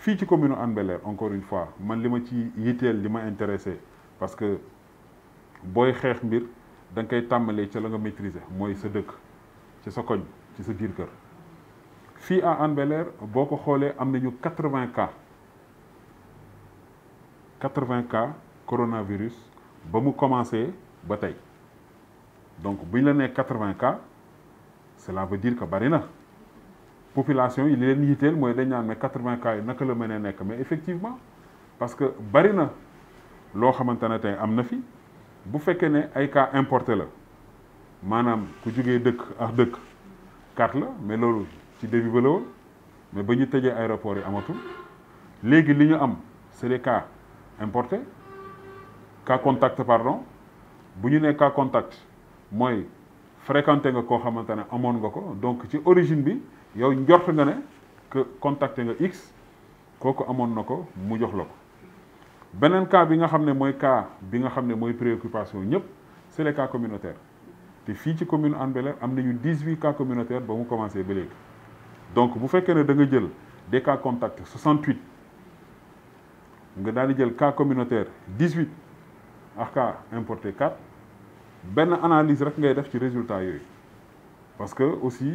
fii ci commune Hann Bel-Air encore une fois man li ma ci yitteel li ma intéressé parce que booy xeex mbir da nga koy tàmbalee ca la nga maîtriser mooy sa dëkk ci sa koñ ci sa biir kër fii à Hann Bel-Air boo ko xoolee am nañu quatre cas 80 cas coronavirus ba mu commencé ba tey donc bu ñu la nee 80 cas cela veut dire que bari na population il li leen yitteel mooy dañ naan mais 80 cas yi naka la mën a mais effectivement parce que barina na loo xamante ne tey fi bu fekkee ne ay cas importé là maanaam ku jugee dëkk ak dëkk mais loolu ci début ba mais ba ñu tëjee aéroport yi amatul léegi li am c'est les cas importés cas contact pardon bu ñu cas contact moi fréquenté nga koo xamante ne amoon nga ko donc ci origine bi yow njort nga ne que contacté nga x kooku amoon na ko mu jox la ko beneen cas bi nga xam ne cas bi nga xam préoccupation ñëpp c'est les cas communautaires te fii ci commune Hann 18 cas communautaires ba mu commencé ba léegi donc bu fekkee ne da nga jël des cas contact 68 nga daal di jël cas communautaire 18 ak cas importé 4 benn analyse rek ngay def ci résultat yooyu parce que aussi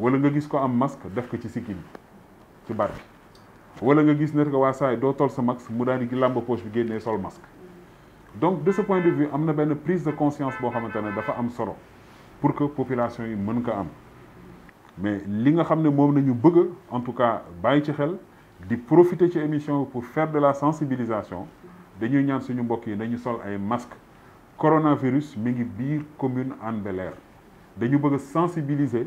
wala nga gis ko am masque def ko ci sikki ci bar bi wala nga gis ne ko waa saay doo tol sa max mu daal di làmb poche bi génnee sol masque donc de ce point de vue am na benn prise de conscience boo xamante ne dafa am solo pour que population yi mën ko am mais li nga xam ne moom nañu bëgg en tout cas bàyyi ci xel di profiter ci émission pour faire de la sensibilisation dañuy ñaan suñu mbokk yi nañu sol ay masque coronavirus mi ngi biir commune Hann Bel-Air dañu bëgg sensibiliser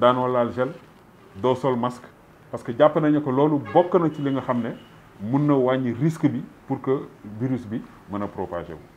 daanoo laal gel doo sol masque parce que jàpp nañu ko loolu bokk na ci li nga xam ne mun na wàññi risque bi pour que virus bi mën a propager wu.